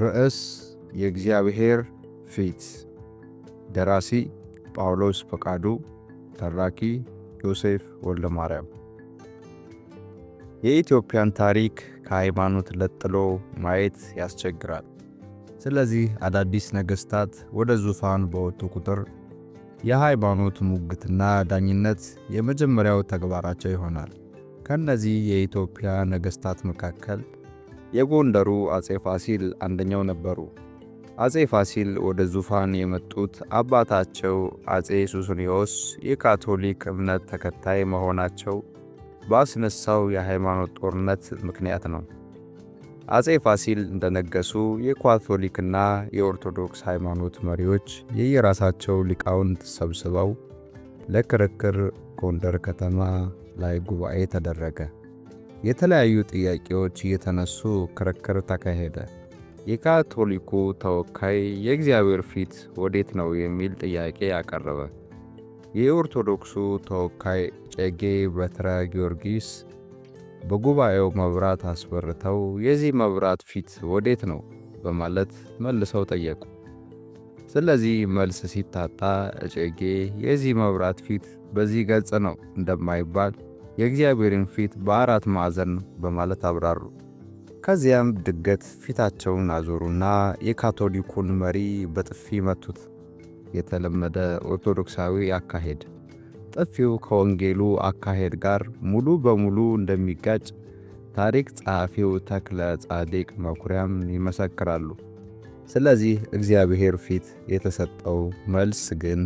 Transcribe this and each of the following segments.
ርዕስ የእግዚአብሔር ፊት። ደራሲ ጳውሎስ ፈቃዱ፣ ተራኪ ዮሴፍ ማርያም የኢትዮጵያን ታሪክ ከሃይማኖት ለጥሎ ማየት ያስቸግራል። ስለዚህ አዳዲስ ነገሥታት ወደ ዙፋን በወጡ ቁጥር የሃይማኖት ሙግትና ዳኝነት የመጀመሪያው ተግባራቸው ይሆናል። ከነዚህ የኢትዮጵያ ነገሥታት መካከል የጎንደሩ አጼ ፋሲል አንደኛው ነበሩ። አጼ ፋሲል ወደ ዙፋን የመጡት አባታቸው አጼ ሱስንዮስ የካቶሊክ እምነት ተከታይ መሆናቸው ባስነሳው የሃይማኖት ጦርነት ምክንያት ነው። አጼ ፋሲል እንደነገሱ የካቶሊክና የኦርቶዶክስ ሃይማኖት መሪዎች የየራሳቸው ሊቃውንት ሰብስበው ለክርክር ጎንደር ከተማ ላይ ጉባኤ ተደረገ። የተለያዩ ጥያቄዎች እየተነሱ ክርክር ተካሄደ። የካቶሊኩ ተወካይ የእግዚአብሔር ፊት ወዴት ነው የሚል ጥያቄ አቀረበ። የኦርቶዶክሱ ተወካይ ጨጌ በትረ ጊዮርጊስ በጉባኤው መብራት አስበርተው የዚህ መብራት ፊት ወዴት ነው በማለት መልሰው ጠየቁ። ስለዚህ መልስ ሲታጣ እጨጌ የዚህ መብራት ፊት በዚህ ገጽ ነው እንደማይባል የእግዚአብሔርን ፊት በአራት ማዕዘን በማለት አብራሩ። ከዚያም ድገት ፊታቸውን አዞሩና የካቶሊኩን መሪ በጥፊ መቱት። የተለመደ ኦርቶዶክሳዊ አካሄድ። ጥፊው ከወንጌሉ አካሄድ ጋር ሙሉ በሙሉ እንደሚጋጭ ታሪክ ጸሐፊው ተክለ ጻድቅ መኩሪያም ይመሰክራሉ። ስለዚህ እግዚአብሔር ፊት የተሰጠው መልስ ግን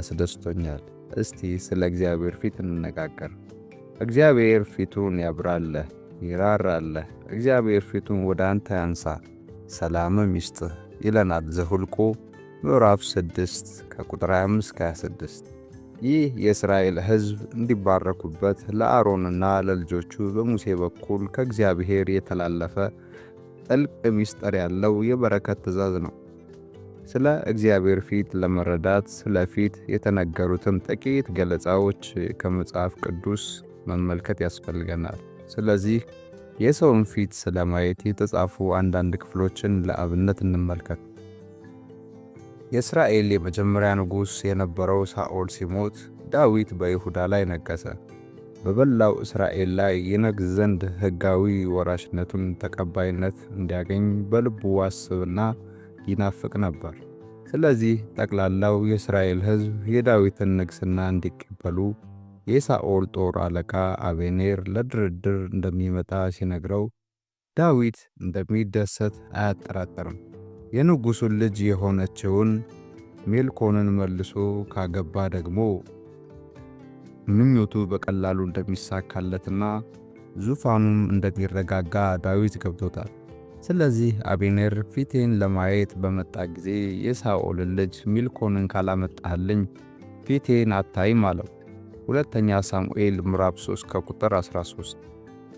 አስደስቶኛል። እስቲ ስለ እግዚአብሔር ፊት እንነጋገር። እግዚአብሔር ፊቱን ያብራለህ፣ ይራራለህ። እግዚአብሔር ፊቱን ወደ አንተ ያንሳ ሰላምም ይስጥህ ይለናል ዘሁልቁ ምዕራፍ 6 ከቁጥር 25 እስከ 26። ይህ የእስራኤል ሕዝብ እንዲባረኩበት ለአሮንና ለልጆቹ በሙሴ በኩል ከእግዚአብሔር የተላለፈ ጥልቅ ምስጢር ያለው የበረከት ትእዛዝ ነው። ስለ እግዚአብሔር ፊት ለመረዳት ስለ ፊት የተነገሩትም ጥቂት ገለጻዎች ከመጽሐፍ ቅዱስ መመልከት ያስፈልገናል። ስለዚህ የሰውን ፊት ስለማየት የተጻፉ አንዳንድ ክፍሎችን ለአብነት እንመልከት። የእስራኤል የመጀመሪያ ንጉሥ የነበረው ሳኦል ሲሞት ዳዊት በይሁዳ ላይ ነገሰ። በበላው እስራኤል ላይ ይነግስ ዘንድ ሕጋዊ ወራሽነቱን ተቀባይነት እንዲያገኝ በልቡ አስብና ይናፍቅ ነበር። ስለዚህ ጠቅላላው የእስራኤል ሕዝብ የዳዊትን ንግሥና እንዲቀበሉ የሳኦል ጦር አለቃ አቤኔር ለድርድር እንደሚመጣ ሲነግረው ዳዊት እንደሚደሰት አያጠራጠርም። የንጉሡን ልጅ የሆነችውን ሜልኮንን መልሶ ካገባ ደግሞ ምኞቱ በቀላሉ እንደሚሳካለትና ዙፋኑም እንደሚረጋጋ ዳዊት ገብቶታል። ስለዚህ አቤኔር ፊቴን ለማየት በመጣ ጊዜ የሳኦልን ልጅ ሚልኮንን ካላመጣልኝ ፊቴን አታይም አለው። ሁለተኛ ሳሙኤል ምዕራፍ 3 ከቁጥር 13።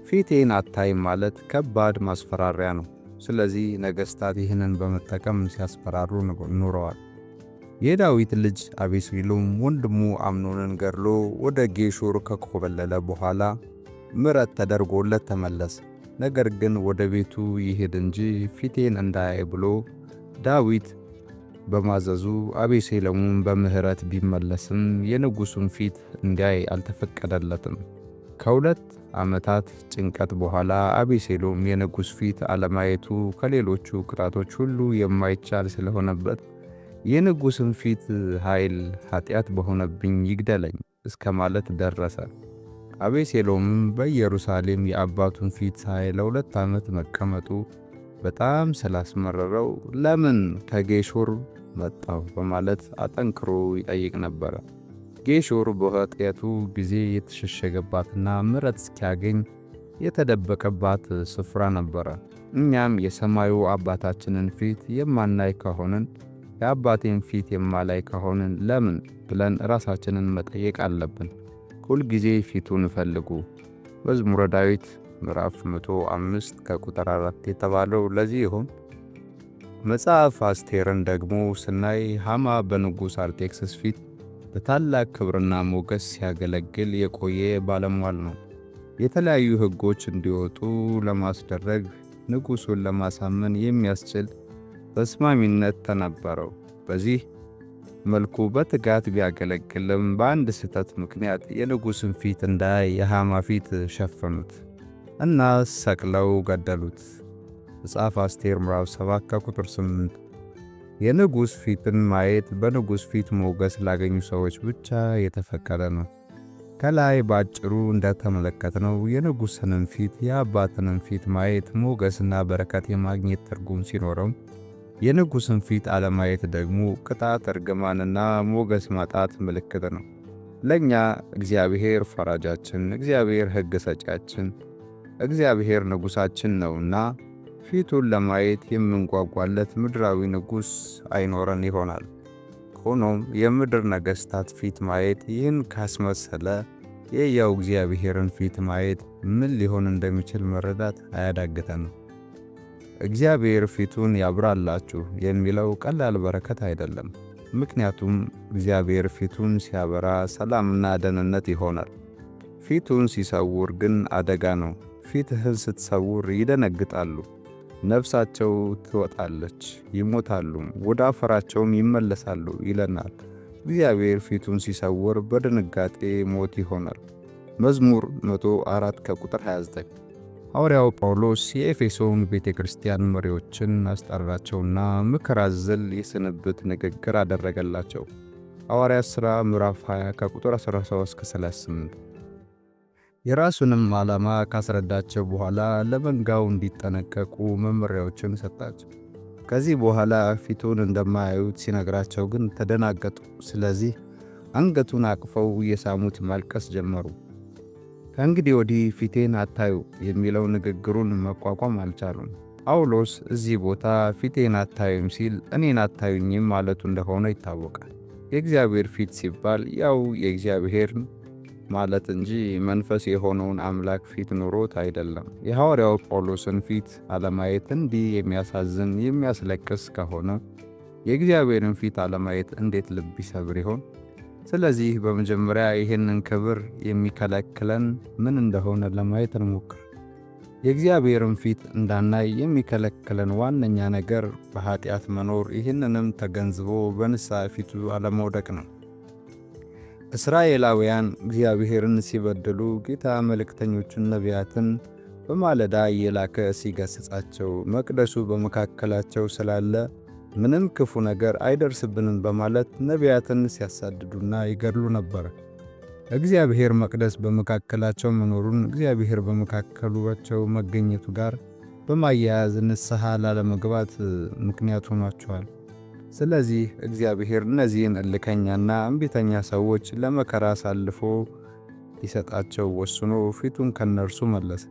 ፊቴን አታይም ማለት ከባድ ማስፈራሪያ ነው። ስለዚህ ነገሥታት ይህንን በመጠቀም ሲያስፈራሩ ኑረዋል። የዳዊት ልጅ አቤሴሎም ወንድሙ አምኖንን ገድሎ ወደ ጌሹር ከኮበለለ በኋላ ምረት ተደርጎለት ተመለሰ። ነገር ግን ወደ ቤቱ ይሄድ እንጂ ፊቴን እንዳያይ ብሎ ዳዊት በማዘዙ አቤሴሎምም በምሕረት ቢመለስም የንጉሡን ፊት እንዲያይ አልተፈቀደለትም። ከሁለት ዓመታት ጭንቀት በኋላ አቤሴሎም የንጉሥ ፊት አለማየቱ ከሌሎቹ ቅጣቶች ሁሉ የማይቻል ስለሆነበት የንጉሥን ፊት ኃይል ኃጢአት በሆነብኝ ይግደለኝ እስከ ማለት ደረሰ። አቤሴሎምም በኢየሩሳሌም የአባቱን ፊት ሳይ ለሁለት ዓመት መቀመጡ በጣም ስላስመረረው ለምን ከጌሹር መጣሁ በማለት አጠንክሮ ይጠይቅ ነበረ። ጌሾር በኃጢአቱ ጊዜ የተሸሸገባትና ምረት እስኪያገኝ የተደበቀባት ስፍራ ነበረ። እኛም የሰማዩ አባታችንን ፊት የማናይ ከሆንን የአባቴን ፊት የማላይ ከሆንን ለምን ብለን ራሳችንን መጠየቅ አለብን። ሁልጊዜ ፊቱን ፈልጉ። መዝሙረ ዳዊት ምዕራፍ 105 ከቁጥር 4 የተባለው ለዚህ ይሆን? መጽሐፍ አስቴርን ደግሞ ስናይ ሃማ በንጉሥ አርጤክስስ ፊት በታላቅ ክብርና ሞገስ ሲያገለግል የቆየ ባለሟል ነው። የተለያዩ ሕጎች እንዲወጡ ለማስደረግ ንጉሡን ለማሳመን የሚያስችል ተስማሚነት ተነበረው። በዚህ መልኩ በትጋት ቢያገለግልም በአንድ ስህተት ምክንያት የንጉሥን ፊት እንዳይ የሃማ ፊት ሸፈኑት እና ሰቅለው ገደሉት። መጽሐፍ አስቴር ምዕራፍ 7 ከቁጥር 8። የንጉሥ ፊትን ማየት በንጉሥ ፊት ሞገስ ላገኙ ሰዎች ብቻ የተፈቀደ ነው። ከላይ ባጭሩ እንደተመለከትነው የንጉሥንም ፊት የአባትንም ፊት ማየት ሞገስና በረከት የማግኘት ትርጉም ሲኖረው የንጉሥን ፊት አለማየት ደግሞ ቅጣት፣ እርግማንና ሞገስ ማጣት ምልክት ነው። ለእኛ እግዚአብሔር ፈራጃችን፣ እግዚአብሔር ሕግ ሰጪያችን፣ እግዚአብሔር ንጉሣችን ነውና ፊቱን ለማየት የምንጓጓለት ምድራዊ ንጉሥ አይኖረን ይሆናል። ሆኖም የምድር ነገሥታት ፊት ማየት ይህን ካስመሰለ የያው እግዚአብሔርን ፊት ማየት ምን ሊሆን እንደሚችል መረዳት አያዳግተንም። እግዚአብሔር ፊቱን ያብራላችሁ የሚለው ቀላል በረከት አይደለም። ምክንያቱም እግዚአብሔር ፊቱን ሲያበራ ሰላምና ደህንነት ይሆናል። ፊቱን ሲሰውር ግን አደጋ ነው። ፊትህን ስትሰውር ይደነግጣሉ። ነፍሳቸው ትወጣለች፣ ይሞታሉም፣ ወደ አፈራቸውም ይመለሳሉ ይለናል። እግዚአብሔር ፊቱን ሲሰውር በድንጋጤ ሞት ይሆናል። መዝሙር 104 ከቁጥር 29 ሐዋርያው ጳውሎስ የኤፌሶን ቤተ ክርስቲያን መሪዎችን አስጠራቸውና ምክር አዘል የስንብት ንግግር አደረገላቸው። ሐዋርያ ሥራ ምዕራፍ 20 ከቁጥር 13 እስከ 38 የራሱንም ዓላማ ካስረዳቸው በኋላ ለመንጋው እንዲጠነቀቁ መመሪያዎችን ሰጣቸው። ከዚህ በኋላ ፊቱን እንደማያዩት ሲነግራቸው ግን ተደናገጡ። ስለዚህ አንገቱን አቅፈው እየሳሙት ማልቀስ ጀመሩ። ከእንግዲህ ወዲህ ፊቴን አታዩ የሚለው ንግግሩን መቋቋም አልቻሉም። ጳውሎስ እዚህ ቦታ ፊቴን አታዩም ሲል እኔን አታዩኝም ማለቱ እንደሆነ ይታወቃል። የእግዚአብሔር ፊት ሲባል ያው የእግዚአብሔር ማለት እንጂ መንፈስ የሆነውን አምላክ ፊት ኑሮት አይደለም። የሐዋርያው ጳውሎስን ፊት አለማየት እንዲህ የሚያሳዝን የሚያስለቅስ ከሆነ የእግዚአብሔርን ፊት አለማየት እንዴት ልብ ይሰብር ይሆን? ስለዚህ በመጀመሪያ ይህንን ክብር የሚከለክለን ምን እንደሆነ ለማየት እንሞክር። የእግዚአብሔርን ፊት እንዳናይ የሚከለክለን ዋነኛ ነገር በኃጢአት መኖር፣ ይህንንም ተገንዝቦ በንስሐ ፊቱ አለመውደቅ ነው። እስራኤላውያን እግዚአብሔርን ሲበድሉ ጌታ መልእክተኞቹን ነቢያትን በማለዳ እየላከ ሲገስጻቸው መቅደሱ በመካከላቸው ስላለ ምንም ክፉ ነገር አይደርስብንም በማለት ነቢያትን ሲያሳድዱና ይገድሉ ነበር። እግዚአብሔር መቅደስ በመካከላቸው መኖሩን እግዚአብሔር በመካከሉቸው መገኘቱ ጋር በማያያዝ ንስሐ ላለመግባት ምክንያት ሆኗቸዋል። ስለዚህ እግዚአብሔር እነዚህን እልከኛና እምቢተኛ ሰዎች ለመከራ አሳልፎ ሊሰጣቸው ወስኖ ፊቱን ከነርሱ መለሰ።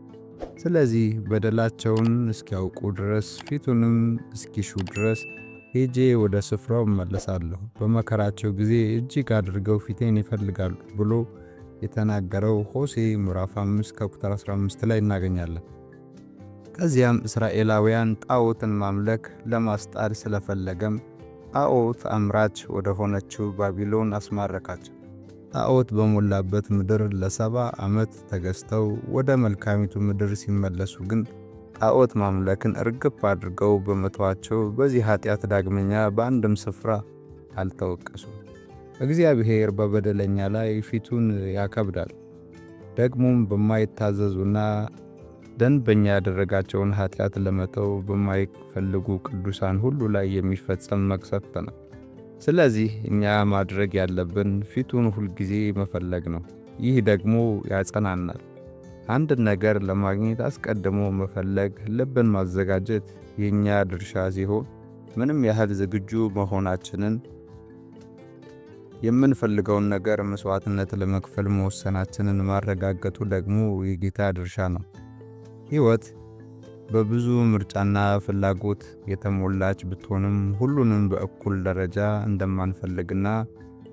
ስለዚህ በደላቸውን እስኪያውቁ ድረስ ፊቱንም እስኪሹ ድረስ ሄጄ ወደ ስፍራው እመለሳለሁ፣ በመከራቸው ጊዜ እጅግ አድርገው ፊቴን ይፈልጋሉ ብሎ የተናገረው ሆሴ ምዕራፍ 5 ከቁጥር 15 ላይ እናገኛለን። ከዚያም እስራኤላውያን ጣዖትን ማምለክ ለማስጣል ስለፈለገም ጣዖት አምራች ወደሆነችው ባቢሎን አስማረካቸው። ጣዖት በሞላበት ምድር ለሰባ ዓመት ተገዝተው ወደ መልካሚቱ ምድር ሲመለሱ ግን ጣዖት ማምለክን እርግፍ አድርገው በመተዋቸው በዚህ ኃጢአት ዳግመኛ በአንድም ስፍራ አልተወቀሱም። እግዚአብሔር በበደለኛ ላይ ፊቱን ያከብዳል። ደግሞም በማይታዘዙና ደንበኛ ያደረጋቸውን ኃጢአት ለመተው በማይፈልጉ ቅዱሳን ሁሉ ላይ የሚፈጸም መቅሰፍት ነው። ስለዚህ እኛ ማድረግ ያለብን ፊቱን ሁልጊዜ መፈለግ ነው። ይህ ደግሞ ያጸናናል። አንድ ነገር ለማግኘት አስቀድሞ መፈለግ፣ ልብን ማዘጋጀት የእኛ ድርሻ ሲሆን ምንም ያህል ዝግጁ መሆናችንን የምንፈልገውን ነገር መስዋዕትነት ለመክፈል መወሰናችንን ማረጋገጡ ደግሞ የጌታ ድርሻ ነው። ሕይወት በብዙ ምርጫና ፍላጎት የተሞላች ብትሆንም ሁሉንም በእኩል ደረጃ እንደማንፈልግና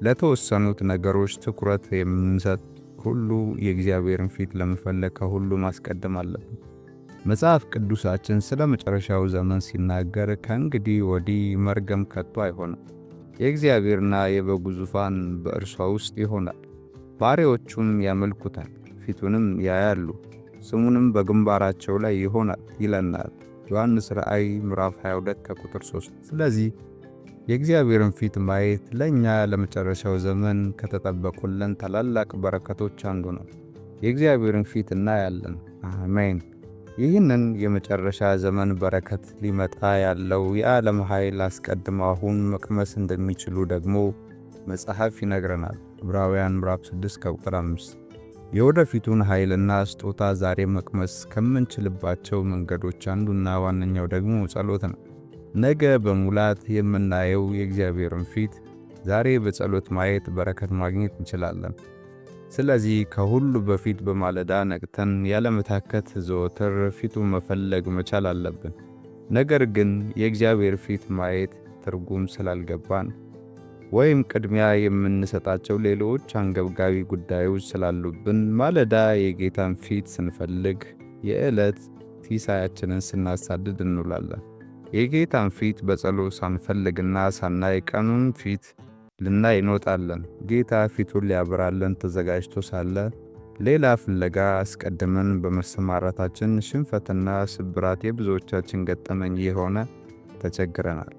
ለተወሰኑት ነገሮች ትኩረት የምንሰጥ ሁሉ የእግዚአብሔርን ፊት ለመፈለግ ከሁሉ ማስቀደም አለብን። መጽሐፍ ቅዱሳችን ስለ መጨረሻው ዘመን ሲናገር ከእንግዲህ ወዲህ መርገም ከቶ አይሆንም፣ የእግዚአብሔርና የበጉ ዙፋን በእርሷ ውስጥ ይሆናል፣ ባሪያዎቹም ያመልኩታል፣ ፊቱንም ያያሉ ስሙንም በግንባራቸው ላይ ይሆናል ይለናል ዮሐንስ ራእይ ምዕራፍ 22 ከቁጥር 3። ስለዚህ የእግዚአብሔርን ፊት ማየት ለእኛ ለመጨረሻው ዘመን ከተጠበቁልን ታላላቅ በረከቶች አንዱ ነው። የእግዚአብሔርን ፊት እናያለን። አሜን። ይህንን የመጨረሻ ዘመን በረከት ሊመጣ ያለው የዓለም ኃይል አስቀድሞ አሁን መቅመስ እንደሚችሉ ደግሞ መጽሐፍ ይነግረናል። ዕብራውያን ምዕራፍ 6 ከቁጥር 5 የወደፊቱን ኃይልና ስጦታ ዛሬ መቅመስ ከምንችልባቸው መንገዶች አንዱና ዋነኛው ደግሞ ጸሎት ነው። ነገ በሙላት የምናየው የእግዚአብሔርን ፊት ዛሬ በጸሎት ማየት በረከት ማግኘት እንችላለን። ስለዚህ ከሁሉ በፊት በማለዳ ነቅተን ያለመታከት ዘወትር ፊቱ መፈለግ መቻል አለብን። ነገር ግን የእግዚአብሔር ፊት ማየት ትርጉም ስላልገባን ወይም ቅድሚያ የምንሰጣቸው ሌሎች አንገብጋቢ ጉዳዮች ስላሉብን ማለዳ የጌታን ፊት ስንፈልግ የዕለት ሲሳያችንን ስናሳድድ እንውላለን። የጌታን ፊት በጸሎት ሳንፈልግና ሳናይ ቀኑን ፊት ልናይ እንወጣለን። ጌታ ፊቱን ሊያብራለን ተዘጋጅቶ ሳለ ሌላ ፍለጋ አስቀድመን በመሰማራታችን ሽንፈትና ስብራት የብዙዎቻችን ገጠመኝ የሆነ ተቸግረናል።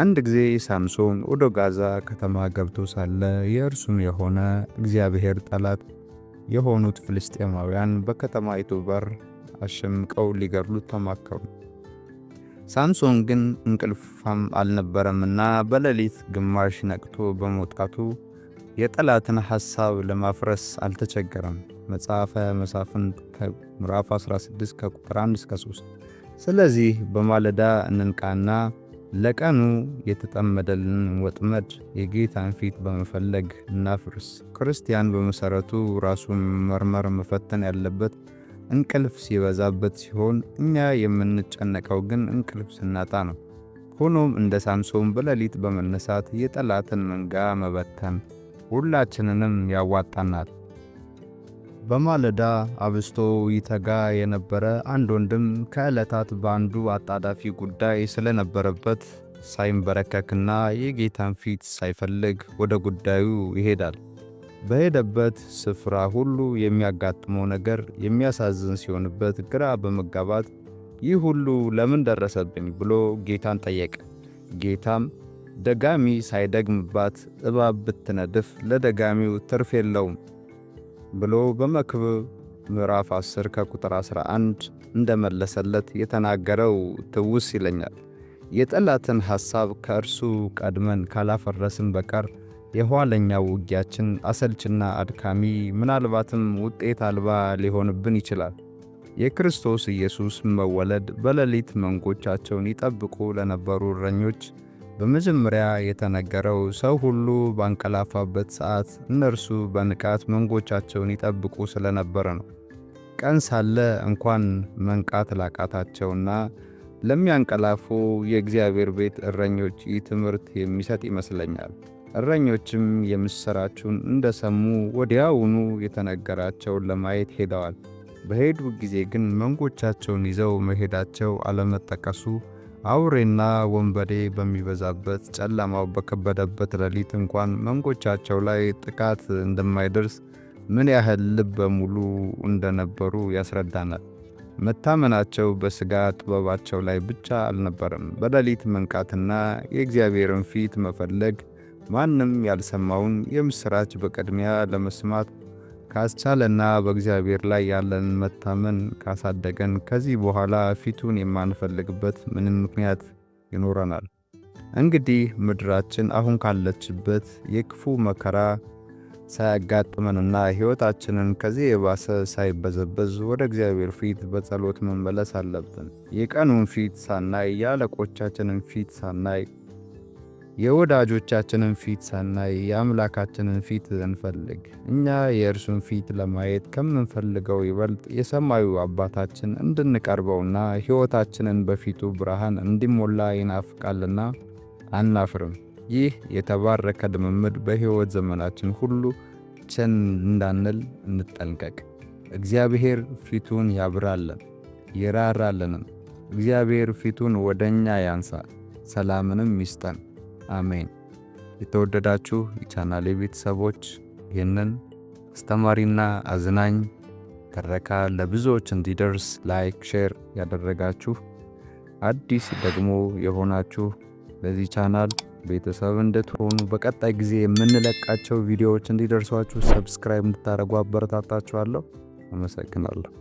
አንድ ጊዜ ሳምሶን ወደ ጋዛ ከተማ ገብቶ ሳለ የእርሱም የሆነ እግዚአብሔር ጠላት የሆኑት ፍልስጤማውያን በከተማይቱ በር አሸምቀው ሊገድሉት ተማከሩ። ሳምሶን ግን እንቅልፋም አልነበረምና በሌሊት ግማሽ ነቅቶ በመውጣቱ የጠላትን ሐሳብ ለማፍረስ አልተቸገረም። መጽሐፈ መሳፍንት ምዕራፍ 16 ከቁጥር 1 እስከ 3። ስለዚህ በማለዳ እንንቃና ለቀኑ የተጠመደልን ወጥመድ የጌታን ፊት በመፈለግ እናፍርስ። ክርስቲያን በመሠረቱ ራሱን መመርመር መፈተን ያለበት እንቅልፍ ሲበዛበት ሲሆን፣ እኛ የምንጨነቀው ግን እንቅልፍ ስናጣ ነው። ሆኖም እንደ ሳምሶን በሌሊት በመነሳት የጠላትን መንጋ መበተን ሁላችንንም ያዋጣናል። በማለዳ አብስቶ ይተጋ የነበረ አንድ ወንድም ከዕለታት በአንዱ አጣዳፊ ጉዳይ ስለነበረበት ሳይንበረከክና የጌታን ፊት ሳይፈልግ ወደ ጉዳዩ ይሄዳል። በሄደበት ስፍራ ሁሉ የሚያጋጥመው ነገር የሚያሳዝን ሲሆንበት ግራ በመጋባት ይህ ሁሉ ለምን ደረሰብኝ ብሎ ጌታን ጠየቀ። ጌታም ደጋሚ ሳይደግምባት እባብ ብትነድፍ ለደጋሚው ትርፍ የለውም ብሎ በመክብብ ምዕራፍ 10 ከቁጥር 11 እንደመለሰለት የተናገረው ትውስ ይለኛል። የጠላትን ሐሳብ ከእርሱ ቀድመን ካላፈረስን በቀር የኋለኛው ውጊያችን አሰልችና አድካሚ ምናልባትም ውጤት አልባ ሊሆንብን ይችላል። የክርስቶስ ኢየሱስ መወለድ በሌሊት መንጎቻቸውን ይጠብቁ ለነበሩ እረኞች በመጀመሪያ የተነገረው ሰው ሁሉ ባንቀላፋበት ሰዓት እነርሱ በንቃት መንጎቻቸውን ይጠብቁ ስለነበረ ነው። ቀን ሳለ እንኳን መንቃት ላቃታቸውና ለሚያንቀላፉ የእግዚአብሔር ቤት እረኞች ይህ ትምህርት የሚሰጥ ይመስለኛል። እረኞችም የምሥራቹን እንደሰሙ ወዲያውኑ የተነገራቸውን ለማየት ሄደዋል። በሄዱ ጊዜ ግን መንጎቻቸውን ይዘው መሄዳቸው አለመጠቀሱ አውሬና ወንበዴ በሚበዛበት ጨለማው በከበደበት ሌሊት እንኳን መንጎቻቸው ላይ ጥቃት እንደማይደርስ ምን ያህል ልብ በሙሉ እንደነበሩ ያስረዳናል። መታመናቸው በሥጋ ጥበባቸው ላይ ብቻ አልነበረም። በሌሊት መንቃትና የእግዚአብሔርን ፊት መፈለግ ማንም ያልሰማውን የምሥራች በቅድሚያ ለመስማት ካስቻለና በእግዚአብሔር ላይ ያለን መታመን ካሳደገን ከዚህ በኋላ ፊቱን የማንፈልግበት ምንም ምክንያት ይኖረናል? እንግዲህ ምድራችን አሁን ካለችበት የክፉ መከራ ሳያጋጥመንና ሕይወታችንን ከዚህ የባሰ ሳይበዘበዝ ወደ እግዚአብሔር ፊት በጸሎት መመለስ አለብን። የቀኑን ፊት ሳናይ፣ የአለቆቻችንን ፊት ሳናይ የወዳጆቻችንን ፊት ሳናይ የአምላካችንን ፊት እንፈልግ። እኛ የእርሱን ፊት ለማየት ከምንፈልገው ይበልጥ የሰማዩ አባታችን እንድንቀርበውና ሕይወታችንን በፊቱ ብርሃን እንዲሞላ ይናፍቃልና አናፍርም። ይህ የተባረከ ልምምድ በሕይወት ዘመናችን ሁሉ ቸን እንዳንል እንጠንቀቅ። እግዚአብሔር ፊቱን ያብራለን ይራራልንም። እግዚአብሔር ፊቱን ወደ እኛ ያንሳል፣ ሰላምንም ይስጠን። አሜን። የተወደዳችሁ የቻናሌ ቤተሰቦች ይህንን አስተማሪና አዝናኝ ትረካ ለብዙዎች እንዲደርስ ላይክ፣ ሼር ያደረጋችሁ አዲስ ደግሞ የሆናችሁ ለዚህ ቻናል ቤተሰብ እንድትሆኑ በቀጣይ ጊዜ የምንለቃቸው ቪዲዮዎች እንዲደርሷችሁ ሰብስክራይብ እንድታደርጉ አበረታታችኋለሁ። አመሰግናለሁ።